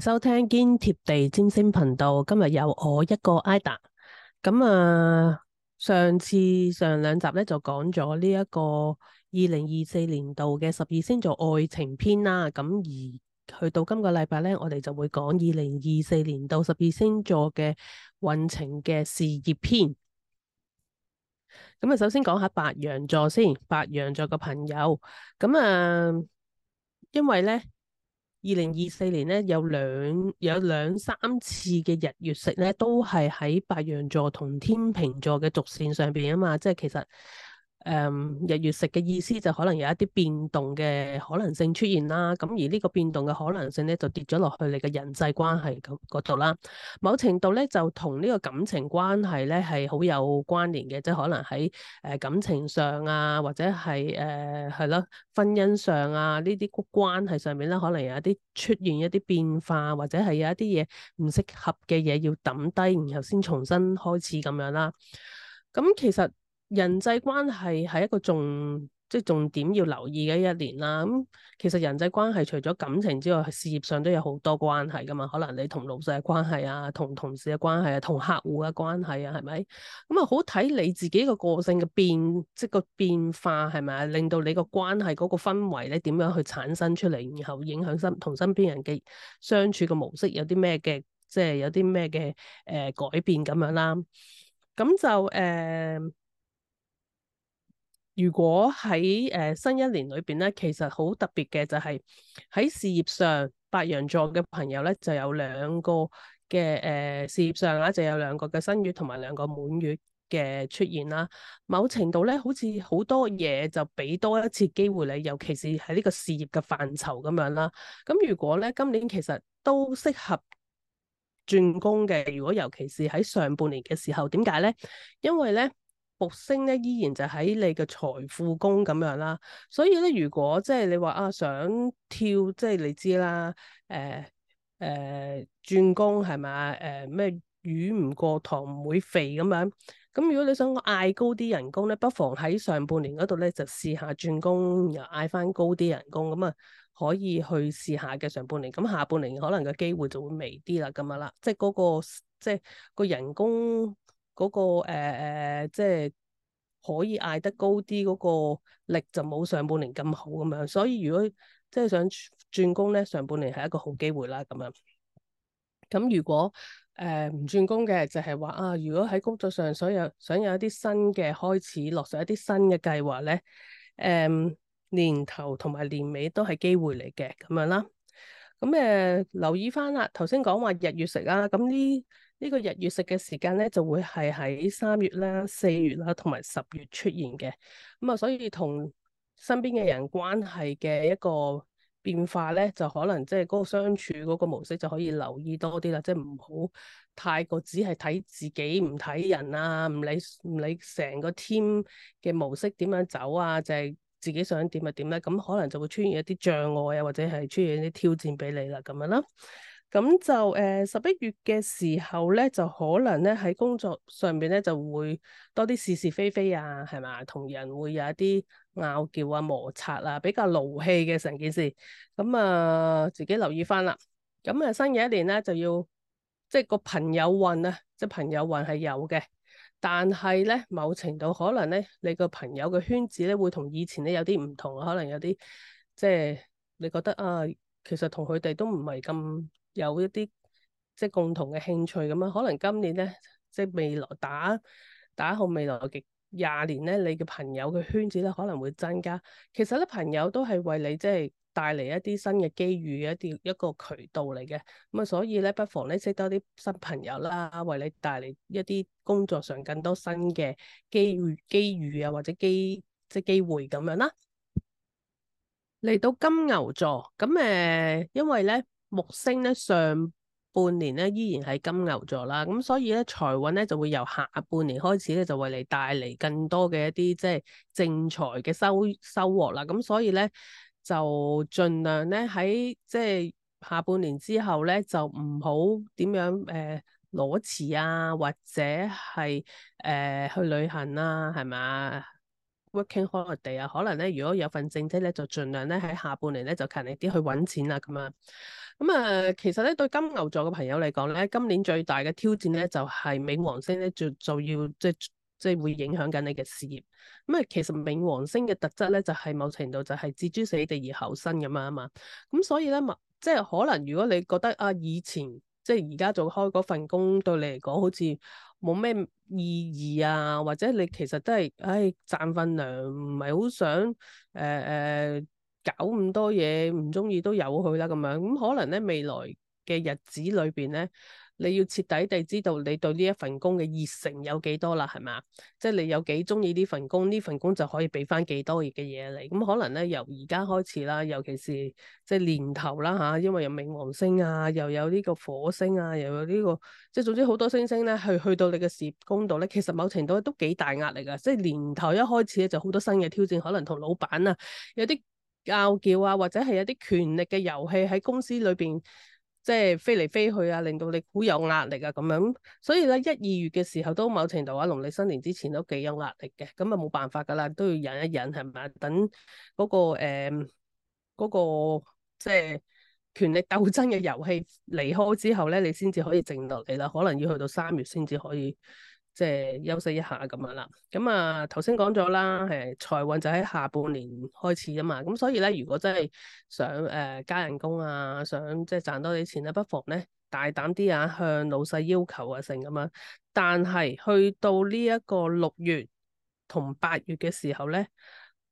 收聽堅貼地占星頻道，今日有我一個 ida。咁啊，上次上兩集咧，就講咗呢一個二零二四年度嘅十二星座愛情篇啦。咁而去到今個禮拜咧，我哋就會講二零二四年度十二星座嘅運程嘅事業篇。咁啊，首先講下白羊座先，白羊座嘅朋友。咁啊，因為咧。二零二四年咧，有兩有兩三次嘅日月食咧，都係喺白羊座同天秤座嘅軸線上邊啊嘛，即係其實。誒、um, 日月食嘅意思就可能有一啲變動嘅可能性出現啦，咁而呢個變動嘅可能性咧就跌咗落去你嘅人際關係咁嗰度啦。某程度咧就同呢個感情關係咧係好有關聯嘅，即係可能喺誒感情上啊，或者係誒係咯婚姻上啊呢啲關係上面咧，可能有一啲出現一啲變化，或者係有一啲嘢唔適合嘅嘢要抌低，然後先重新開始咁樣啦。咁其實～人際關係係一個重即係重點要留意嘅一年啦。咁其實人際關係除咗感情之外，事業上都有好多關係噶嘛。可能你同老細嘅關係啊，同同事嘅關係啊，同客戶嘅關係啊，係咪咁啊？好睇你自己個個性嘅變即個變化係咪啊？令到你個關係嗰個氛圍咧點樣去產生出嚟，然後影響身同身邊人嘅相處嘅模式有啲咩嘅，即係有啲咩嘅誒改變咁樣啦。咁就誒。呃如果喺誒、呃、新一年裏邊咧，其實好特別嘅就係喺事業上，白羊座嘅朋友咧就有兩個嘅誒事業上啦，就有兩個嘅、呃、新月同埋兩個滿月嘅出現啦。某程度咧，好似好多嘢就俾多一次機會你，尤其是喺呢個事業嘅範疇咁樣啦。咁、嗯、如果咧今年其實都適合轉工嘅，如果尤其是喺上半年嘅時候，點解咧？因為咧。木星咧依然就喺你嘅財富宮咁樣啦，所以咧如果即係你話啊想跳即係你知啦，誒誒轉工係咪誒咩魚唔過塘唔會肥咁樣，咁如果你想嗌高啲人工咧，不妨喺上半年嗰度咧就試下轉工，又嗌翻高啲人工，咁啊可以去試下嘅上半年，咁下半年可能個機會就會微啲啦咁啊啦，即係嗰個即係個人工。嗰、那個誒、呃、即係可以嗌得高啲嗰個力就冇上半年咁好咁樣，所以如果即係想轉工咧，上半年係一個好機會啦。咁樣咁如果誒唔、呃、轉工嘅，就係話啊，如果喺工作上想有想有一啲新嘅開始，落實一啲新嘅計劃咧，誒、嗯、年頭同埋年尾都係機會嚟嘅咁樣啦。咁誒、嗯，留意翻啦，頭先講話日月食啦、啊，咁呢呢個日月食嘅時間咧就會係喺三月啦、四月啦同埋十月出現嘅，咁、嗯、啊，所以同身邊嘅人關係嘅一個變化咧，就可能即係嗰個相處嗰個模式就可以留意多啲啦，即係唔好太過只係睇自己唔睇人啊，唔理唔理成個 team 嘅模式點樣走啊，就係、是。自己想點就點咧，咁可能就會出現一啲障礙啊，或者係出現一啲挑戰俾你啦，咁樣啦。咁就誒十一月嘅時候咧，就可能咧喺工作上邊咧就會多啲是是非非啊，係咪？同人會有一啲拗撬啊、摩擦啊，比較勞氣嘅成件事。咁啊、呃，自己留意返啦。咁啊，新嘅一年咧就要。即係個朋友運啊，即係朋友運係有嘅，但係咧某程度可能咧，你個朋友嘅圈子咧會同以前咧有啲唔同啊，可能有啲即係你覺得啊，其實同佢哋都唔係咁有一啲即係共同嘅興趣咁啊，可能今年咧即係未來打打好未來極。廿年咧，你嘅朋友嘅圈子咧可能會增加。其實咧，朋友都係為你即係、就是、帶嚟一啲新嘅機遇嘅一啲一個渠道嚟嘅。咁啊，所以咧，不妨咧識多啲新朋友啦，為你帶嚟一啲工作上更多新嘅機遇、機遇啊，或者機即係機會咁樣啦。嚟到金牛座咁誒、呃，因為咧木星咧上半年咧依然係金牛座啦，咁所以咧財運咧就會由下半年開始咧就為你帶嚟更多嘅一啲即係正財嘅收收穫啦，咁所以咧就盡量咧喺即係下半年之後咧就唔好點樣誒攞錢啊，或者係誒、呃、去旅行啊，係咪？working holiday 啊，可能咧，如果有份正職咧，就盡量咧喺下半年咧就勤力啲去揾錢啦咁啊。咁啊、嗯，其實咧對金牛座嘅朋友嚟講咧，今年最大嘅挑戰咧就係、是、冥王星咧就就要即即會影響緊你嘅事業。咁、嗯、啊，其實冥王星嘅特質咧就係、是、某程度就係置諸死地而後生咁啊嘛。咁、嗯、所以咧，即係可能如果你覺得啊，以前即係而家做開嗰份工對你嚟講好似。冇咩意義啊，或者你其實都係，唉，賺份糧唔係好想，誒、呃、誒，搞咁多嘢，唔中意都有佢啦咁樣，咁、嗯、可能咧未來嘅日子裏邊咧。你要徹底地知道你對呢一份工嘅熱誠有幾多啦，係咪？即係你有幾中意呢份工，呢份工就可以俾翻幾多熱嘅嘢嚟。咁、嗯、可能咧，由而家開始啦，尤其是即係年頭啦嚇，因為有冥王星啊，又有呢個火星啊，又有呢、呢個，即係總之好多星星咧，去去到你嘅事業宮度咧，其實某程度都幾大壓力㗎。即係年頭一開始咧就好多新嘅挑戰，可能同老闆啊有啲拗撬啊，或者係有啲權力嘅遊戲喺公司裏邊。即係飛嚟飛去啊，令到你好有壓力啊咁樣，所以咧一二月嘅時候都某程度話、啊，農曆新年之前都幾有壓力嘅，咁啊冇辦法噶啦，都要忍一忍係咪啊？等嗰、嗰個誒、呃嗰個、即係權力鬥爭嘅遊戲離開之後咧，你先至可以靜落嚟啦。可能要去到三月先至可以。即係休息一下咁樣啦。咁啊頭先講咗啦，係財運就喺下半年開始啊嘛。咁所以咧，如果真係想誒、呃、加人工啊，想即係賺多啲錢咧、啊，不妨咧大膽啲啊，向老細要求啊，成咁樣、啊。但係去到呢一個六月同八月嘅時候咧，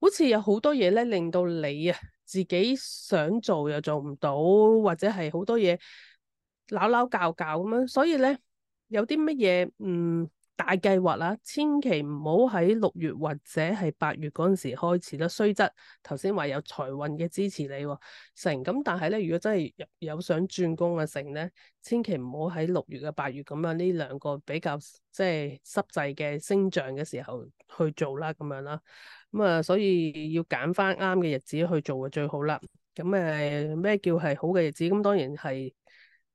好似有好多嘢咧，令到你啊自己想做又做唔到，或者係好多嘢鬧鬧教教咁樣。所以咧，有啲乜嘢嗯？大計劃啦，千祈唔好喺六月或者係八月嗰陣時開始啦。雖則頭先話有財運嘅支持你、哦，成咁但係咧，如果真係有，有想轉工嘅、啊、成咧，千祈唔好喺六月嘅八月咁樣呢兩個比較即係濕滯嘅星象嘅時候去做啦，咁樣啦。咁、嗯、啊，所以要揀翻啱嘅日子去做就最好啦。咁誒咩叫係好嘅日子？咁、嗯、當然係。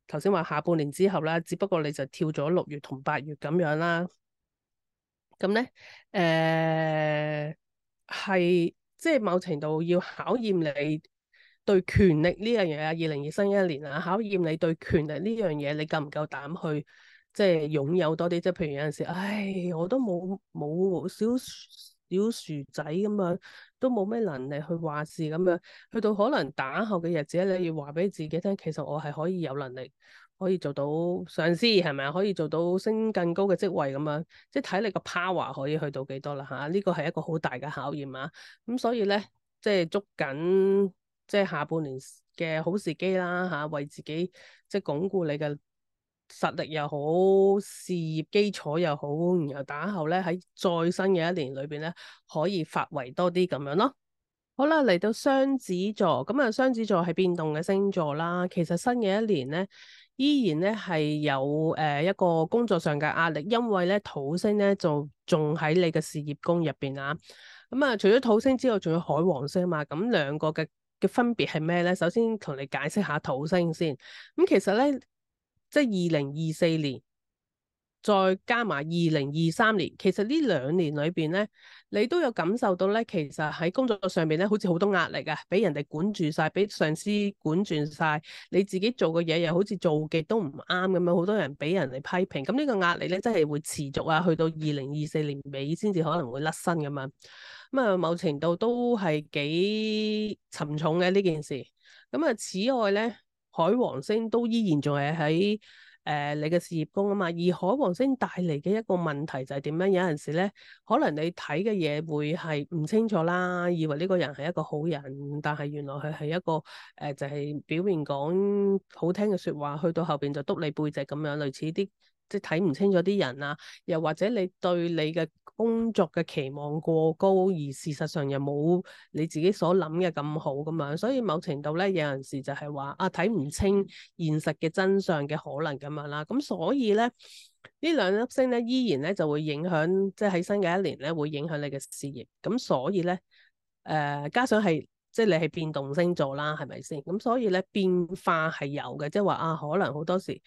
頭先話下半年之後啦，只不過你就跳咗六月同八月咁樣啦。咁咧，誒、呃、係即係某程度要考驗你對權力呢樣嘢。二零二四新一年啊，考驗你對權力呢樣嘢，你夠唔夠膽去即係擁有多啲？即係譬如有陣時，唉，我都冇冇少。少小薯仔咁樣都冇咩能力去話事咁樣，去到可能打後嘅日子你要話俾自己聽，其實我係可以有能力，可以做到上司係咪啊？可以做到升更高嘅職位咁樣，即係睇你個 power 可以去到幾多啦吓。呢個係一個好大嘅考驗啊。咁所以咧，即係捉緊即係下半年嘅好時機啦吓，為自己即係鞏固你嘅。實力又好，事業基礎又好，然後打後咧，喺再新嘅一年裏邊咧，可以發圍多啲咁樣咯。好啦，嚟到雙子座，咁啊，雙子座係變動嘅星座啦。其實新嘅一年咧，依然咧係有誒、呃、一個工作上嘅壓力，因為咧土星咧就仲喺你嘅事業宮入邊啊。咁、嗯、啊，除咗土星之外，仲有海王星啊嘛。咁兩個嘅嘅分別係咩咧？首先同你解釋下土星先。咁、嗯、其實咧。即係二零二四年，再加埋二零二三年，其實呢兩年裏邊咧，你都有感受到咧，其實喺工作上面咧，好似好多壓力啊，俾人哋管住晒，俾上司管住晒，你自己做嘅嘢又好似做嘅都唔啱咁樣，好多人俾人哋批評，咁呢個壓力咧，真係會持續啊，去到二零二四年尾先至可能會甩身咁樣，咁、嗯、啊，某程度都係幾沉重嘅呢件事。咁、嗯、啊，此外咧。海王星都依然仲係喺誒你嘅事業宮啊嘛，而海王星帶嚟嘅一個問題就係點樣？有陣時咧，可能你睇嘅嘢會係唔清楚啦，以為呢個人係一個好人，但係原來佢係一個誒、呃、就係、是、表面講好聽嘅說話，去到後邊就篤你背脊咁樣，類似啲即係睇唔清楚啲人啊，又或者你對你嘅。工作嘅期望過高，而事實上又冇你自己所諗嘅咁好咁樣，所以某程度咧，有陣時就係話啊睇唔清現實嘅真相嘅可能咁樣啦。咁所以咧，呢兩粒星咧，依然咧就會影響，即係喺新嘅一年咧，會影響你嘅事業。咁所以咧，誒、呃、加上係即係你係變動星座啦，係咪先？咁所以咧，變化係有嘅，即係話啊，可能好多時誒。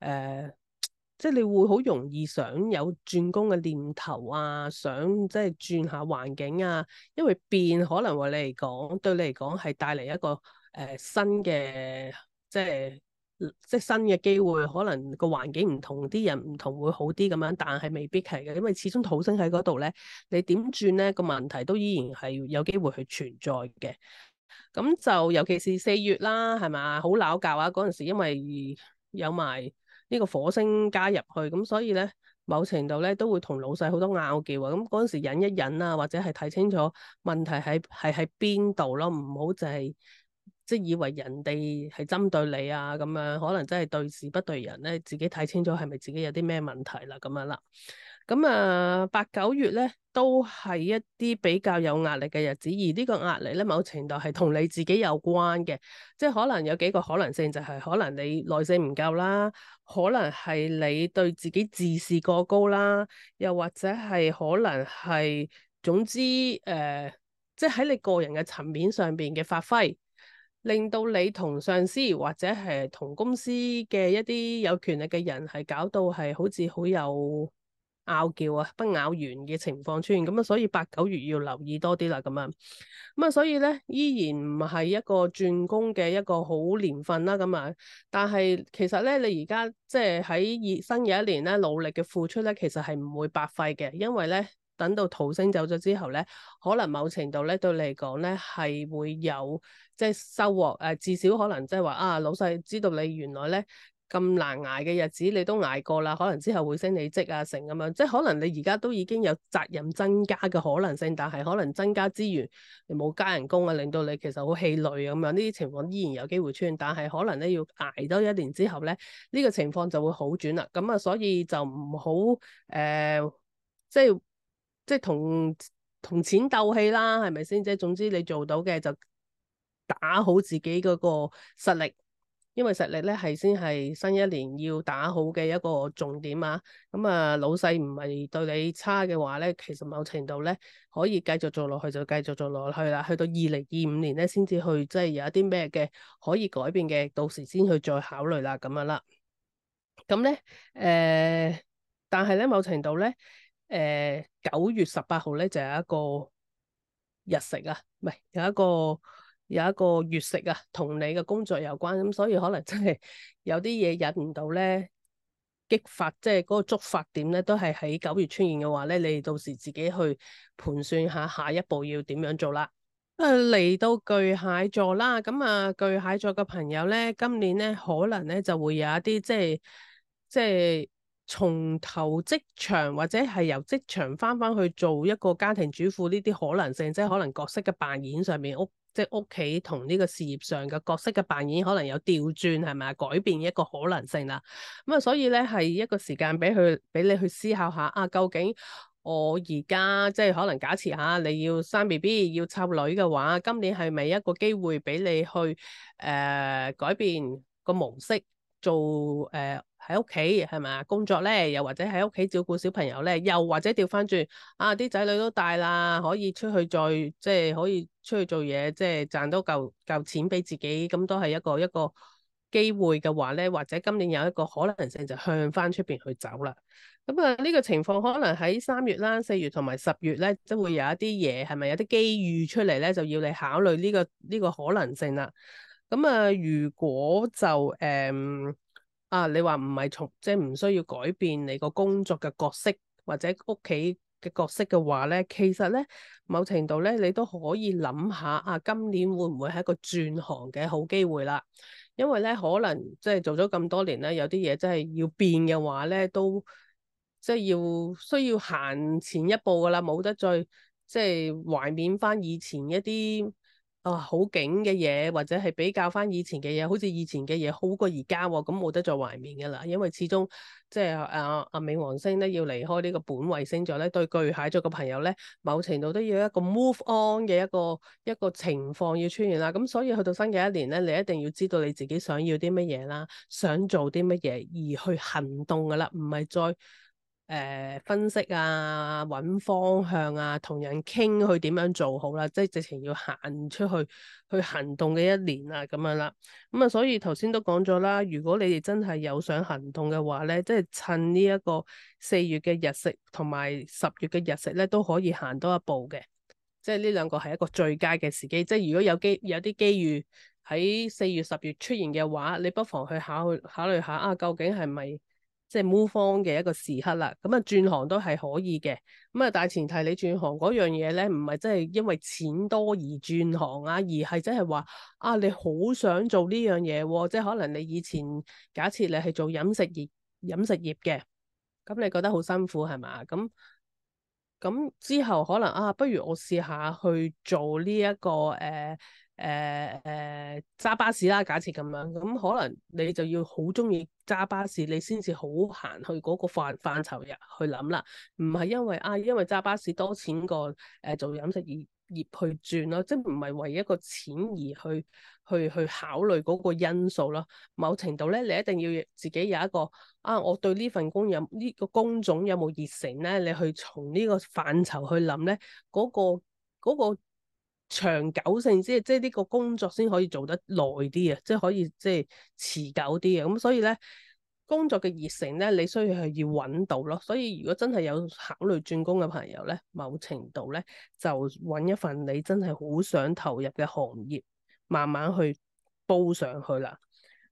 呃即係你會好容易想有轉工嘅念頭啊，想即係轉下環境啊，因為變可能為你嚟講對你嚟講係帶嚟一個誒、呃、新嘅即係即係新嘅機會，可能個環境唔同，啲人唔同會好啲咁樣，但係未必係嘅，因為始終土星喺嗰度咧，你點轉咧個問題都依然係有機會去存在嘅。咁就尤其是四月啦，係咪好鬧交啊嗰陣時，因為有埋。呢個火星加入去，咁所以咧，某程度咧都會同老細好多拗撬喎。咁嗰陣時忍一忍啊，或者係睇清楚問題係係喺邊度咯，唔好就係即係以為人哋係針對你啊咁樣，可能真係對事不對人咧。自己睇清楚係咪自己有啲咩問題啦，咁樣啦。咁啊，八九月咧都係一啲比較有壓力嘅日子，而呢個壓力咧，某程度係同你自己有關嘅，即係可能有幾個可能性，就係可能你耐性唔夠啦，可能係你對自己自視過高啦，又或者係可能係總之誒、呃，即係喺你個人嘅層面上邊嘅發揮，令到你同上司或者係同公司嘅一啲有權力嘅人係搞到係好似好有。拗叫啊，不咬完嘅情況出現，咁啊，所以八九月要留意多啲啦，咁啊，咁啊，所以咧依然唔係一個轉工嘅一個好年份啦，咁啊，但係其實咧，你而家即係喺新嘅一年咧，努力嘅付出咧，其實係唔會白費嘅，因為咧，等到土星走咗之後咧，可能某程度咧對你嚟講咧係會有即係收穫，誒、呃，至少可能即係話啊，老細知道你原來咧。咁難捱嘅日子你都捱過啦，可能之後會升你職啊，成咁樣，即係可能你而家都已經有責任增加嘅可能性，但係可能增加之餘，你冇加人工啊，令到你其實好氣餒啊，咁樣呢啲情況依然有機會出現，但係可能咧要捱多一年之後咧呢，呢個情況就會好轉啦。咁啊，所以就唔好誒，即係即係同同錢鬥氣啦，係咪先？即係總之你做到嘅就打好自己嗰個實力。因為實力咧係先係新一年要打好嘅一個重點啊，咁、嗯、啊老細唔係對你差嘅話咧，其實某程度咧可以繼續做落去就繼續做落去啦。去到二零二五年咧先至去即係有一啲咩嘅可以改變嘅，到時先去再考慮啦咁樣啦。咁咧誒，但係咧某程度咧誒九月十八號咧就有一個日食啊，唔係有一個。有一個月食啊，同你嘅工作有關，咁所以可能真係有啲嘢引唔到咧，激發即係嗰個觸發點咧，都係喺九月出現嘅話咧，你到時自己去盤算下下一步要點樣做啦。誒、呃、嚟到巨蟹座啦，咁啊巨蟹座嘅朋友咧，今年咧可能咧就會有一啲即係即係從頭職場或者係由職場翻翻去做一個家庭主婦呢啲可能性，即係可能角色嘅扮演上面。即屋企同呢個事業上嘅角色嘅扮演，可能有調轉係咪，改變一個可能性啦。咁啊，所以咧係一個時間俾佢，俾你去思考下啊。究竟我而家即係可能假設下，你要生 B B 要湊女嘅話，今年係咪一個機會俾你去誒、呃、改變個模式做誒？呃喺屋企係咪啊？工作咧，又或者喺屋企照顧小朋友咧，又或者調翻轉啊！啲仔女都大啦，可以出去再即係、即係、可以出去做嘢，即、就、係、是、賺到夠夠錢俾自己，咁都係一個一個機會嘅話咧，或者今年有一個可能性就向返出面去走啦。咁啊，呢個情況可能喺三月啦、四月同埋十月咧，都會有一啲嘢係咪有啲機遇出嚟咧，就要你考慮呢、呢個呢、呢個可能性啦。咁啊，如果就誒？嗯啊，你話唔係從即係唔需要改變你個工作嘅角色或者屋企嘅角色嘅話咧，其實咧某程度咧你都可以諗下啊，啊，今年會唔會係一個轉行嘅好機會啦？因為咧可能即係、就是、做咗咁多年咧，有啲嘢真係要變嘅話咧，都即係、就是、要需要行前一步㗎喇，冇得再即係、就是、懷緬返以前一啲。啊，好景嘅嘢，或者係比較翻以前嘅嘢，好似以前嘅嘢好過而家喎，咁冇得再懷念嘅啦。因為始終即係阿阿冥王星咧要離開呢個本位星座咧，對巨蟹座嘅朋友咧，某程度都要一個 move on 嘅一個一個情況要出現啦。咁所以去到新嘅一年咧，你一定要知道你自己想要啲乜嘢啦，想做啲乜嘢而去行動嘅啦，唔係再～誒、呃、分析啊，揾方向啊，同人傾去點樣做好啦，即係直情要行出去去行動嘅一年啊，咁樣啦。咁、嗯、啊，所以頭先都講咗啦，如果你哋真係有想行動嘅話咧，即係趁呢一個四月嘅日食同埋十月嘅日食咧，都可以行多一步嘅。即係呢兩個係一個最佳嘅時機，即係如果有機有啲機遇喺四月十月出現嘅話，你不妨去考慮考慮下啊，究竟係咪？即係 move on 嘅一個時刻啦，咁啊轉行都係可以嘅，咁啊大前提你轉行嗰樣嘢咧，唔係真係因為錢多而轉行啊，而係真係話啊你好想做呢樣嘢，啊，即係可能你以前假設你係做飲食業飲食業嘅，咁你覺得好辛苦係咪？咁咁之後可能啊，不如我試下去做呢、這、一個誒。呃誒誒揸巴士啦，假設咁樣，咁可能你就要好中意揸巴士，你先至好行去嗰個範範疇入去諗啦。唔係因為啊，因為揸巴士多錢過誒、啊、做飲食業業去轉咯，即係唔係為一個錢而去去去考慮嗰個因素咯。某程度咧，你一定要自己有一個啊，我對呢份工有呢、呢個工種有冇熱誠咧？你去從呢個範疇去諗咧，嗰個嗰個，嗰個長久性之，即係呢個工作先可以做得耐啲啊，即係可以即係持久啲啊。咁所以咧，工作嘅熱誠咧，你需要係要搵到咯。所以如果真係有考慮轉工嘅朋友咧，某程度咧就搵一份你真係好想投入嘅行業，慢慢去煲上去啦。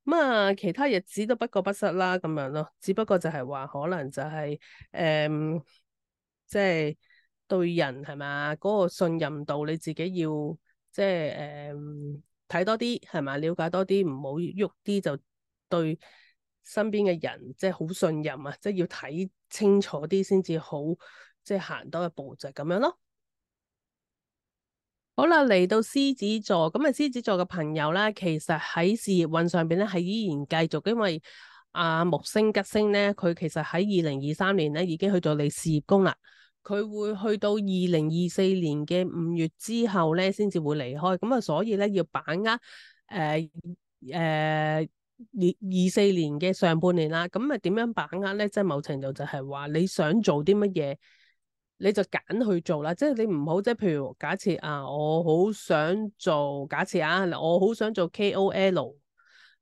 咁啊，其他日子都不過不失啦，咁樣咯。只不過就係話可能就係、是、誒、呃，即係。對人係咪？嗰個信任度你自己要即係誒，睇多啲係咪？了解多啲，唔好喐啲就對身邊嘅人即係好信任啊！即係要睇清楚啲先至好，即係行多一步就咁樣咯。好啦，嚟到獅子座，咁啊，獅子座嘅朋友咧，其實喺事業運上邊咧係依然繼續，因為阿木星吉星咧，佢其實喺二零二三年咧已經去咗你事業宮啦。佢會去到二零二四年嘅五月之後咧，先至會離開。咁啊，所以咧要把握誒誒二二四年嘅上半年啦。咁啊，點樣把握咧？即係某程度就係話你想做啲乜嘢，你就揀去做啦。即係你唔好即係譬如假設啊、假設啊，我好想做假設啊，我好想做 KOL。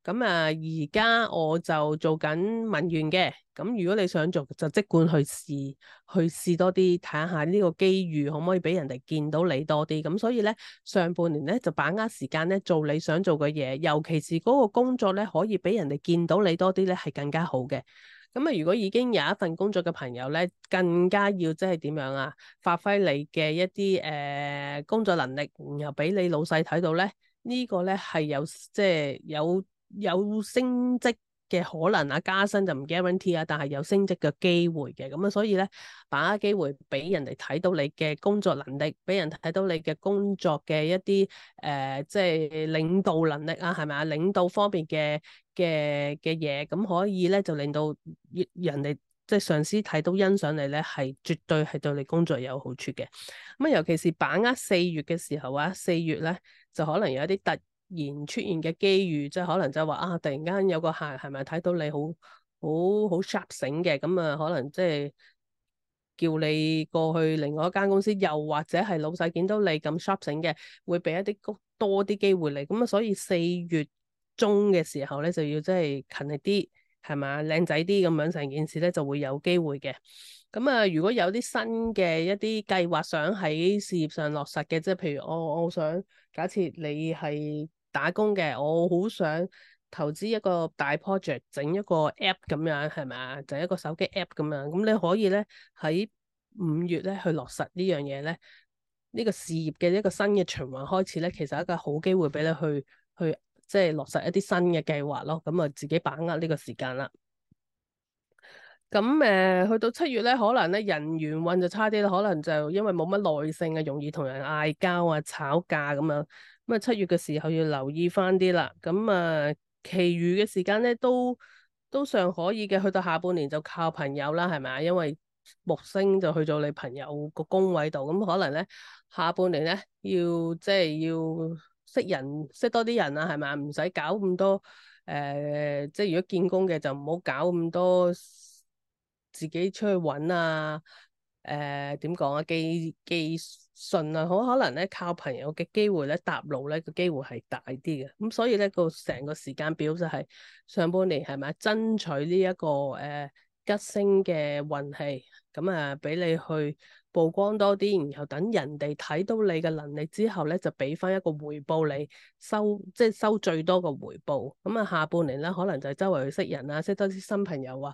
咁啊，而家我就做緊文員嘅。咁如果你想做，就即管去試，去試多啲，睇下呢個機遇可唔可以俾人哋見到你多啲。咁所以咧，上半年咧就把握時間咧做你想做嘅嘢，尤其是嗰個工作咧可以俾人哋見到你多啲咧，係更加好嘅。咁啊，如果已經有一份工作嘅朋友咧，更加要即係點樣啊？發揮你嘅一啲誒、呃、工作能力，然後俾你老細睇到咧，這個、呢個咧係有即係有。有升職嘅可能啊，加薪就唔 guarantee 啊，但係有升職嘅機會嘅，咁啊，所以咧，把握機會俾人哋睇到你嘅工作能力，俾人睇到你嘅工作嘅一啲誒、呃，即係領導能力啊，係咪啊？領導方面嘅嘅嘅嘢，咁可以咧就令到人哋即係上司睇到欣賞你咧，係絕對係對你工作有好處嘅。咁啊，尤其是把握四月嘅時候啊，四月咧就可能有一啲突然出現嘅機遇，即係可能就話啊，突然間有個客係咪睇到你好好好 sharp 醒嘅，咁啊可能即係叫你過去另外一間公司，又或者係老細見到你咁 sharp 醒嘅，會俾一啲多多啲機會你，咁啊所以四月中嘅時候咧，就要即係勤力啲，係咪？靚仔啲咁樣，成件事咧就會有機會嘅。咁啊，如果有啲新嘅一啲計劃想喺事業上落實嘅，即係譬如我我想，假設你係打工嘅，我好想投資一個大 project，整一個 app 咁樣，係咪啊？就一個手機 app 咁樣，咁你可以咧喺五月咧去落實呢樣嘢咧，呢個事業嘅一個新嘅循環開始咧，其實一個好機會俾你去去，去即係落實一啲新嘅計劃咯。咁啊，自己把握呢個時間啦。咁誒，去到七月咧，可能咧人緣運就差啲啦。可能就因為冇乜耐性啊，容易同人嗌交啊、吵架咁樣。咁啊，七月嘅時候要留意翻啲啦。咁啊，其餘嘅時間咧都都尚可以嘅。去到下半年就靠朋友啦，係咪？因為木星就去咗你朋友個宮位度，咁可能咧下半年咧要即係要識人識多啲人啊，係咪？唔使搞咁多誒、呃，即係如果見工嘅就唔好搞咁多。自己出去揾啊，誒點講啊，寄寄信啊，好可能咧靠朋友嘅機會咧搭路咧個機會係大啲嘅，咁所以咧個成個時間表就係上半年係咪爭取呢一個誒吉星嘅運氣，咁啊俾你去曝光多啲，然後等人哋睇到你嘅能力之後咧就俾翻一個回報你收，即係收最多嘅回報。咁啊下半年咧可能就係周圍去識人啊，識多啲新朋友啊。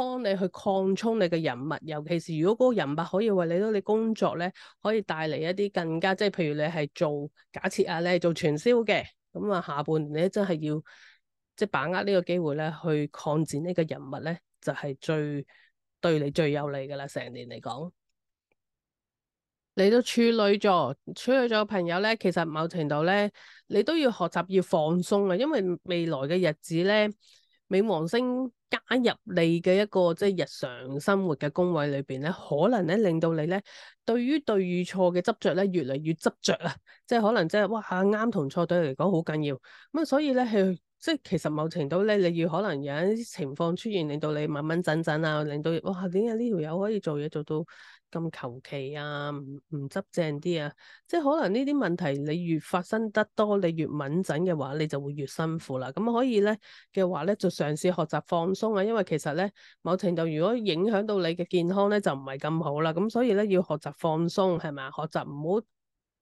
幫你去擴充你嘅人物，尤其是如果嗰個人物可以為你到你工作咧，可以帶嚟一啲更加即係，譬如你係做假設啊，你係做傳銷嘅，咁啊下半年你真係要即係、就是、把握呢個機會咧，去擴展呢個人物咧，就係、是、最對你最有利㗎喇，成年嚟講。嚟到處女座，處女座嘅朋友咧，其實某程度咧，你都要學習要放鬆啊，因為未來嘅日子咧，冥王星，加入你嘅一個即係、就是、日常生活嘅宮位裏邊咧，可能咧令到你咧對於對與錯嘅執着咧越嚟越執着、就是，啊！即係可能即係哇啱同錯對嚟講好緊要咁啊，所以咧係。即係其實某程度咧，你要可能有一啲情況出現，令到你掹掹震震啊，令到哇，點解呢條友可以做嘢做到咁求其啊？唔唔執正啲啊，即係可能呢啲問題你越發生得多，你越掹掹震嘅話，你就會越辛苦啦。咁可以咧嘅話咧，就嘗試學習放鬆啊，因為其實咧某程度如果影響到你嘅健康咧，就唔係咁好啦。咁所以咧要學習放鬆係咪？學習唔好。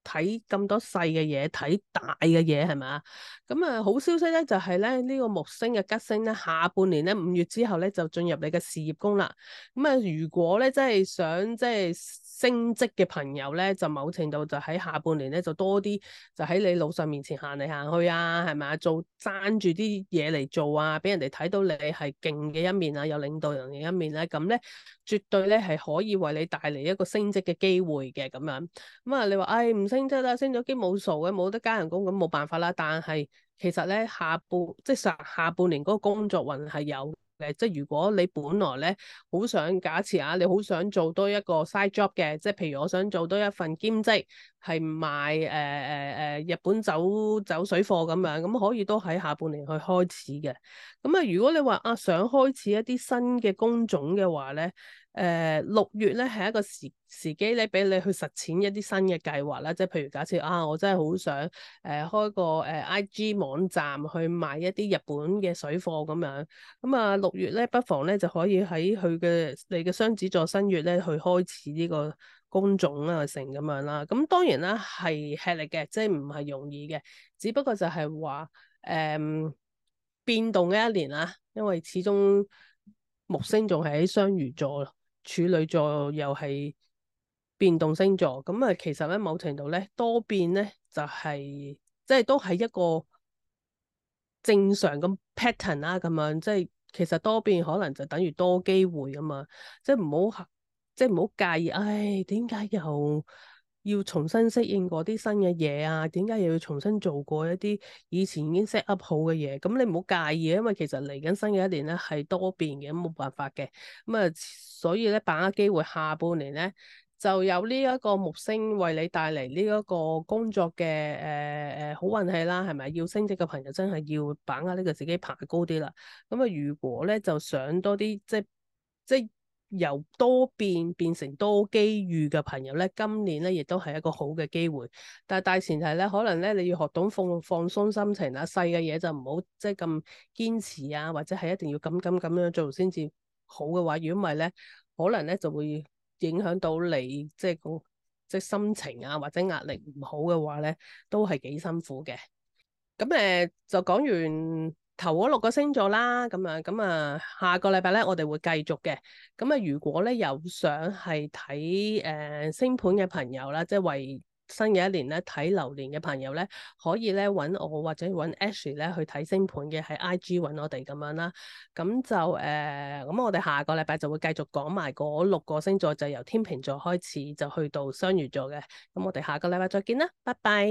睇咁多細嘅嘢，睇大嘅嘢係咪？咁啊，好消息咧就係、是、咧呢、呢個木星嘅吉星咧，下半年咧五月之後咧就進入你嘅事業宮啦。咁啊，如果咧真係想即係升職嘅朋友咧，就某程度就喺下半年咧就多啲就喺你老上面前行嚟行去啊，係咪？做爭住啲嘢嚟做啊，俾人哋睇到你係勁嘅一面啊，有領導人嘅一面咧、啊，咁咧絕對咧係可以為你帶嚟一個升職嘅機會嘅咁樣。咁啊，你話唉。哎升咗啦，升咗機冇數嘅，冇得加人工，咁冇辦法啦。但係其實咧，下半即係上下半年嗰個工作運係有嘅。即係如果你本來咧好想，假設啊，你好想做多一個 side job 嘅，即係譬如我想做多一份兼職。係賣誒誒誒日本走走水貨咁樣，咁可以都喺下半年去開始嘅。咁啊，如果你話啊想開始一啲新嘅工種嘅話咧，誒、呃、六月咧係一個時時機咧俾你去實踐一啲新嘅計劃啦，即係譬如假設啊，我真係好想誒、啊、開個誒 I G 網站去賣一啲日本嘅水貨咁樣。咁啊六月咧，不妨咧就可以喺佢嘅你嘅雙子座新月咧去開始呢、這個。工種啊，成咁樣啦，咁、嗯、當然啦，係吃力嘅，即係唔係容易嘅。只不過就係話，誒、嗯、變動嘅一年啦，因為始終木星仲係喺雙魚座，處女座又係變動星座，咁、嗯、啊，其實呢某程度呢多變呢就係、是、即係都係一個正常嘅 pattern 啦、啊，咁樣即係其實多變可能就等於多機會啊嘛，即係唔好。即係唔好介意，唉、哎，點解又要重新適應過啲新嘅嘢啊？點解又要重新做過一啲以前已經 set up 好嘅嘢？咁你唔好介意啊，因為其實嚟緊新嘅一年咧係多變嘅，咁冇辦法嘅。咁啊，所以咧，把握機會，下半年咧就有呢一個木星為你帶嚟呢一個工作嘅誒誒好運氣啦，係咪？要升職嘅朋友真係要把握呢個自己爬高啲啦。咁啊，如果咧就想多啲，即係即係。由多變變成多機遇嘅朋友咧，今年咧亦都係一個好嘅機會，但係大前提咧，可能咧你要學懂放放鬆心情啊，細嘅嘢，就唔好即係咁堅持啊，或者係一定要咁咁咁樣做先至好嘅話，如果唔係咧，可能咧就會影響到你，即係個即係心情啊或者壓力唔好嘅話咧，都係幾辛苦嘅。咁誒、呃、就講完，頭嗰六個星座啦，咁啊，咁啊，下個禮拜咧，我哋會繼續嘅。咁啊，如果咧有想係睇誒星盤嘅朋友啦，即係為新嘅一年咧睇流年嘅朋友咧，可以咧揾我或者揾 Ash 咧去睇星盤嘅，喺 IG 揾我哋咁樣啦。咁就誒，咁、呃、我哋下個禮拜就會繼續講埋嗰六個星座，就由天秤座開始，就去到雙魚座嘅。咁我哋下個禮拜再見啦，拜拜。